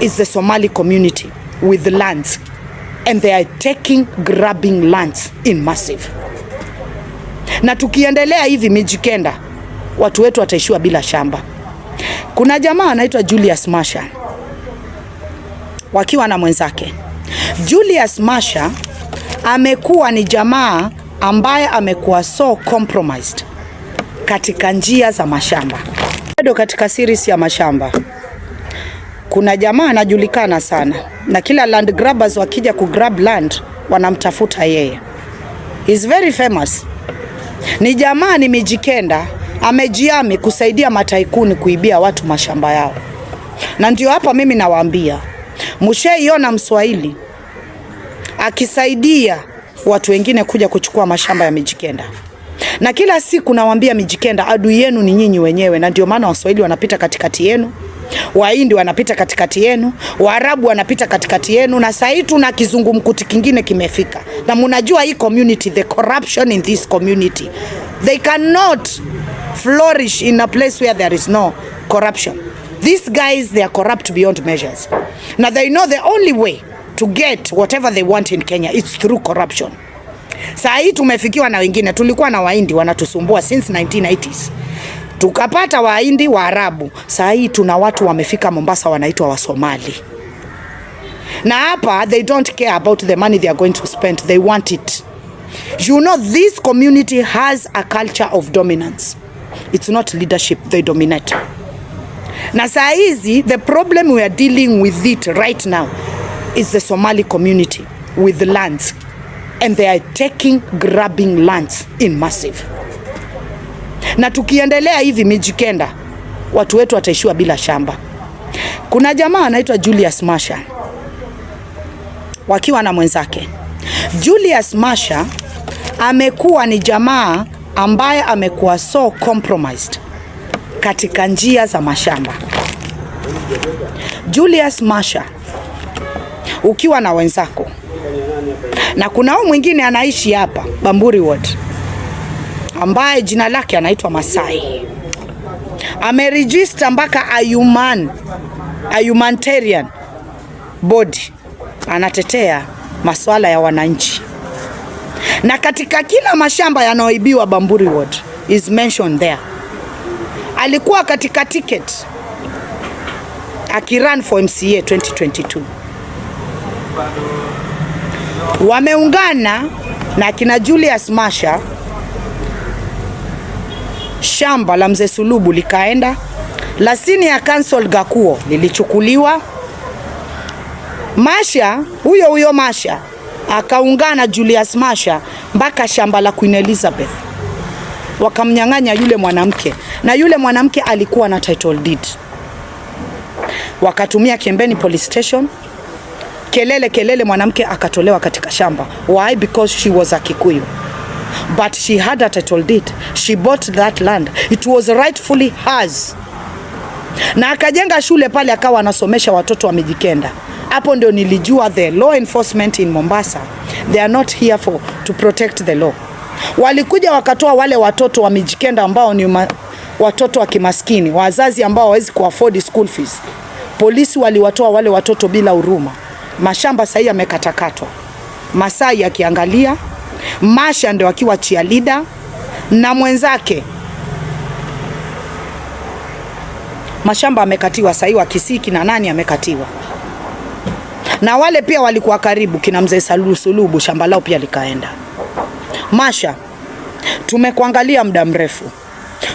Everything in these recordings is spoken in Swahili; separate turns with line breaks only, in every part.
is the Somali community with lands and they are taking grabbing lands in massive. Na tukiendelea hivi Mijikenda, watu wetu wataishiwa bila shamba. Kuna jamaa anaitwa Julius Masha wakiwa na mwenzake. Julius Masha amekuwa ni jamaa ambaye amekuwa so compromised katika njia za mashamba, bado katika series ya mashamba kuna jamaa anajulikana sana na kila land grabbers wakija ku grab land wanamtafuta yeye. Is very famous. Ni jamaa ni Mijikenda amejiami kusaidia mataikuni kuibia watu mashamba yao, na ndio hapa mimi nawaambia, mshaiona Mswahili akisaidia watu wengine kuja kuchukua mashamba ya Mijikenda. Na kila siku nawaambia Mijikenda, adui yenu ni nyinyi wenyewe, na ndio maana Waswahili wanapita katikati yenu Wahindi wanapita katikati yenu, Waarabu wanapita katikati yenu, na hivi tuna kizungumkuti kingine kimefika, na mnajua hii community, the corruption in this community, they cannot flourish in a place where there is no corruption. These guys they are corrupt beyond measures. Now they know the only way to get whatever they want in Kenya it's through corruption. Saa hii tumefikiwa na wengine, tulikuwa na Wahindi wanatusumbua since 1980s tukapata Wahindi arabu Saa hii tuna watu wamefika Mombasa wanaitwa Wasomali, na hapa they don't care about the money they are going to spend, they want it. You know this community has a culture of dominance, it's not leadership, they dominate. Na saa hizi the problem we are dealing with it right now is the Somali community with lands and they are taking grabbing lands in massive na tukiendelea hivi Mijikenda watu wetu wataishiwa bila shamba. Kuna jamaa anaitwa Julius Masha wakiwa na mwenzake. Julius Masha amekuwa ni jamaa ambaye amekuwa so compromised katika njia za mashamba. Julius Masha ukiwa na wenzako, na kuna huyu mwingine anaishi hapa Bamburi Ward ambaye jina lake anaitwa Masai amerejista mpaka ayuman ayumantarian body, anatetea masuala ya wananchi, na katika kila mashamba yanayoibiwa Bamburi Ward is mentioned there. Alikuwa katika ticket akirun for MCA 2022 wameungana na kina Julius Masha shamba la mzee Sulubu likaenda, la sini ya Council Gakuo lilichukuliwa. Masha huyo huyo Masha akaungana Julius Masha mpaka shamba la Queen Elizabeth, wakamnyang'anya yule mwanamke, na yule mwanamke alikuwa na title deed. Wakatumia Kembeni police station, kelele kelele, mwanamke akatolewa katika shamba. Why? Because she was a Kikuyu but she had a title deed. She bought that land. It was rightfully hers. Na akajenga shule pale akawa anasomesha watoto wa Mijikenda. Hapo ndio nilijua the law enforcement in Mombasa they are not here for to protect the law. Walikuja wakatoa wale watoto wa Mijikenda ambao ni ma, watoto wa kimaskini, wazazi ambao hawawezi kuafford school fees. Polisi waliwatoa wale watoto bila huruma. Mashamba sahii yamekatakatwa, Masai yakiangalia Masha ndio akiwa cheerleader na mwenzake Mashamba amekatiwa sahii wa Kisiki na nani amekatiwa, na wale pia walikuwa karibu kina mzee Sulubu, shamba lao pia likaenda. Masha, tumekuangalia muda mrefu,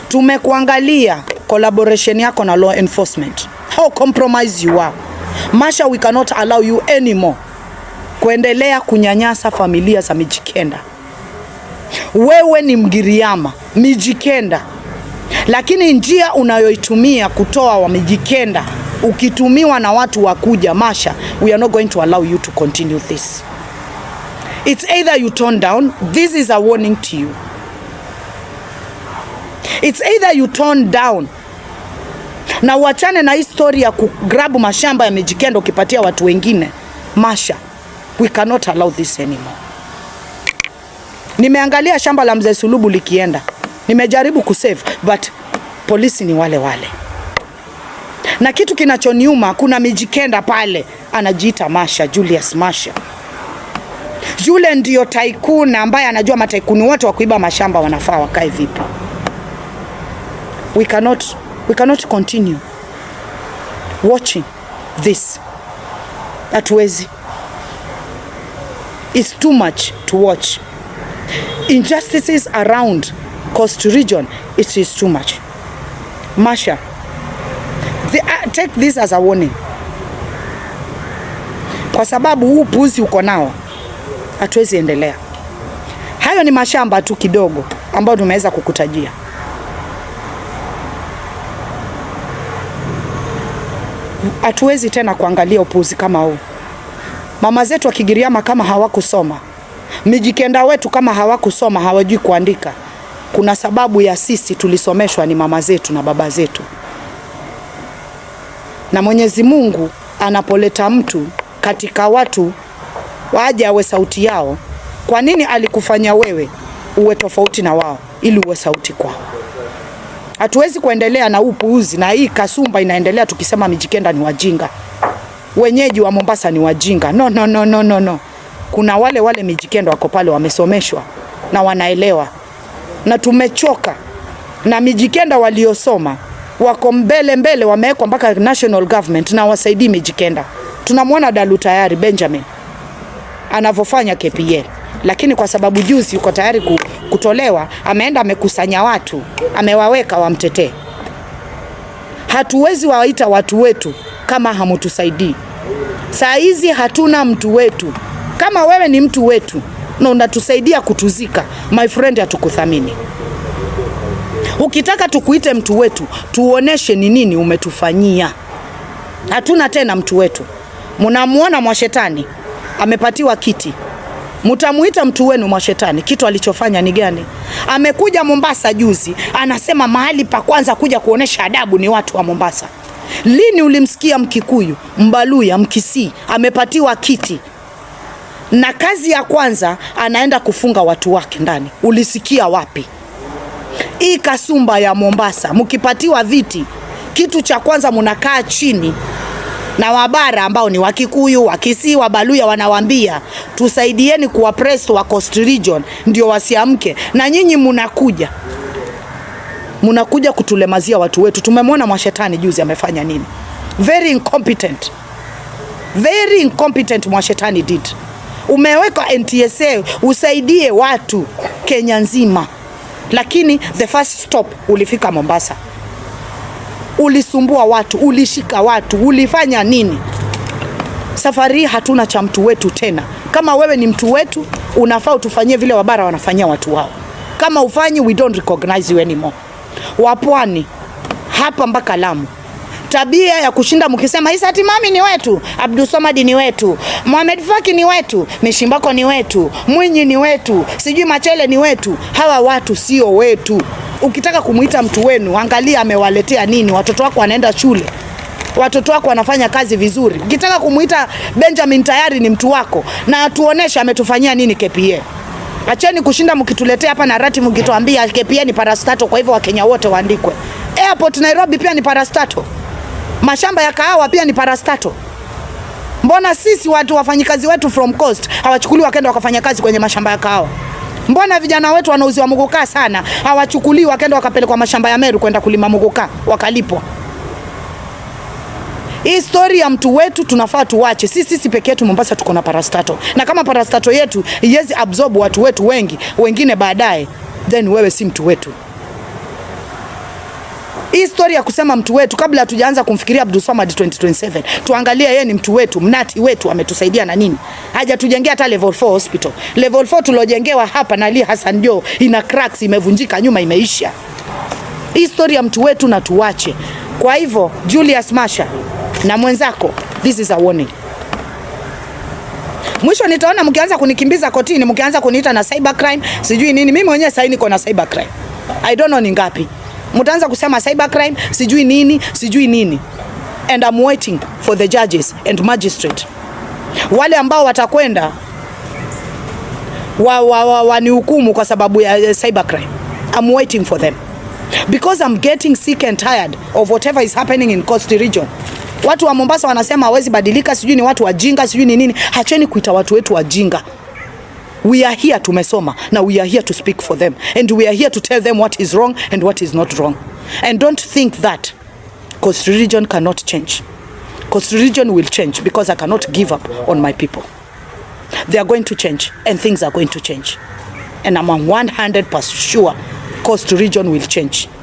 tumekuangalia collaboration yako na law enforcement. How compromise you are Masha, we cannot allow you anymore kuendelea kunyanyasa familia za Mijikenda. Wewe ni Mgiriama, Mijikenda, lakini njia unayoitumia kutoa wa Mijikenda ukitumiwa na watu wa kuja Masha, we are not going to allow you to continue this. It's either you turn down. This is a warning to you. It's either you turn down na uachane na hii story ya kugrabu mashamba ya Mijikenda ukipatia watu wengine Masha. We cannot allow this anymore. Nimeangalia shamba la mzee Sulubu likienda, nimejaribu kusave but polisi ni wale wale, na kitu kinachoniuma kuna mijikenda pale anajiita Masha Julius Masha yule ndio taikuna ambaye anajua mataikuni wote wa kuiba mashamba wanafaa wakae vipi. We cannot, we cannot continue watching this, hatuwezi is too much to watch. Injustices around Coast region, it is too much. Masha, the, uh, take this as a warning. Kwa sababu huu puzi uko nao hatuwezi endelea. Hayo ni mashamba tu kidogo ambayo tumeweza kukutajia. Hatuwezi tena kuangalia upuzi kama huu. Mama zetu wa Kigiriama kama hawakusoma, Mijikenda wetu kama hawakusoma, hawajui kuandika, kuna sababu ya sisi tulisomeshwa ni mama zetu na baba zetu. Na Mwenyezi Mungu anapoleta mtu katika watu waje awe sauti yao, kwa nini alikufanya wewe uwe tofauti na wao ili uwe sauti kwao? Hatuwezi kuendelea na upuuzi na hii kasumba inaendelea, tukisema Mijikenda ni wajinga wenyeji wa Mombasa ni wajinga. No, no, no, no, no, no. Kuna wale wale mijikendo wako pale wamesomeshwa na wanaelewa, na tumechoka na mijikenda waliosoma wako mbele mbele, wamewekwa mpaka national government na wasaidii mijikenda. Tunamwona Dalu tayari Benjamin anavyofanya KPA, lakini kwa sababu juzi yuko tayari kutolewa, ameenda amekusanya watu, amewaweka wamtetee. Hatuwezi waita watu wetu kama hamutusaidii. Saa hizi hatuna mtu wetu. Kama wewe ni mtu wetu na unatusaidia kutuzika, my friend, hatukuthamini. Ukitaka tukuite mtu wetu, tuoneshe ni nini umetufanyia. Hatuna tena mtu wetu. Mnamwona mwashetani amepatiwa kiti, mtamuita mtu wenu mwashetani, kitu alichofanya ni gani? Amekuja Mombasa juzi, anasema mahali pa kwanza kuja kuonesha adabu ni watu wa Mombasa. Lini ulimsikia Mkikuyu, Mbaluya, Mkisii amepatiwa kiti na kazi ya kwanza anaenda kufunga watu wake ndani? Ulisikia wapi? Hii kasumba ya Mombasa, mkipatiwa viti, kitu cha kwanza mnakaa chini na wabara ambao ni Wakikuyu, Wakisii, Wabaluya wanawambia tusaidieni kuwapress wa Coast Region ndio wasiamke, na nyinyi mnakuja mnakuja kutulemazia watu wetu. Tumemwona mwashetani juzi amefanya nini? Very incompetent. Very incompetent mwashetani did. Umeweka NTSA usaidie watu Kenya nzima, lakini the first stop ulifika Mombasa, ulisumbua watu, ulishika watu, ulifanya nini? Safari hatuna cha mtu wetu tena. Kama wewe ni mtu wetu, unafaa utufanyie vile wabara wanafanyia watu wao. Kama ufanyi, we don't recognize you anymore wa pwani hapa mpaka Lamu tabia ya kushinda mkisema Hisati Mami ni wetu, Abdulswamad ni wetu, Mohamed Faki ni wetu, Mishimbako ni wetu, Mwinyi ni wetu, sijui Machele ni wetu. Hawa watu sio wetu. Ukitaka kumuita mtu wenu, angalia amewaletea nini. Watoto wako wanaenda shule, watoto wako wanafanya kazi vizuri. Ukitaka kumuita Benjamin tayari ni mtu wako, na tuoneshe ametufanyia nini KPA. Acheni kushinda mkituletea hapa na rati mkituambia KPA ni parastato, kwa hivyo Wakenya wote waandikwe. Airport Nairobi pia ni parastato, mashamba ya kahawa pia ni parastato. Mbona sisi watu wafanyikazi wetu from coast hawachukuli wakenda wakafanya kazi kwenye mashamba ya kahawa? Mbona vijana wetu wanauziwa muguka sana hawachukuli wakenda wakapelekwa mashamba ya Meru kwenda kulima muguka wakalipwa? Hii story ya mtu wetu tunafaa tuwache. Sisi sisi peke yetu Mombasa tuko na parastato. Na kama parastato yetu iwezi absorb watu wetu wengi, wengine baadaye, then wewe si mtu wetu. Hii story ya kusema mtu wetu kabla hatujaanza kumfikiria Abdul Samad 2027, tuangalie yeye ni mtu wetu, mnati wetu, ametusaidia na nini? Hajatujengea hata level 4 hospital. Level 4 tulojengewa hapa na Ali Hassan Jo ina cracks, imevunjika nyuma, imeisha. Hii story ya mtu wetu na tuwache. Kwa hivyo Julius Masha na mwenzako, this is a warning. Mwisho nitaona mkianza kunikimbiza kotini, mkianza kuniita na cyber crime sijui nini. Mimi mwenyewe sasa niko na cyber crime, I don't know ni ngapi. Mtaanza kusema cyber crime sijui nini sijui nini, and I'm waiting for the judges and magistrate, wale ambao watakwenda wa, wa, wa, wa ni kwa sababu ya cyber crime. I'm waiting for them because I'm getting sick and tired of whatever is happening in Coast region. Watu wa Mombasa wanasema hawezi badilika, sijui ni watu wajinga, sijui ni nini. Hacheni kuita watu wetu wajinga. We are here, tumesoma na we are here to speak for them and we are here to tell them what is wrong and what is not wrong and don't think that because religion cannot change because religion will change because I cannot give up on my people. They are going to change and things are going to change and I'm 100% sure because religion will change.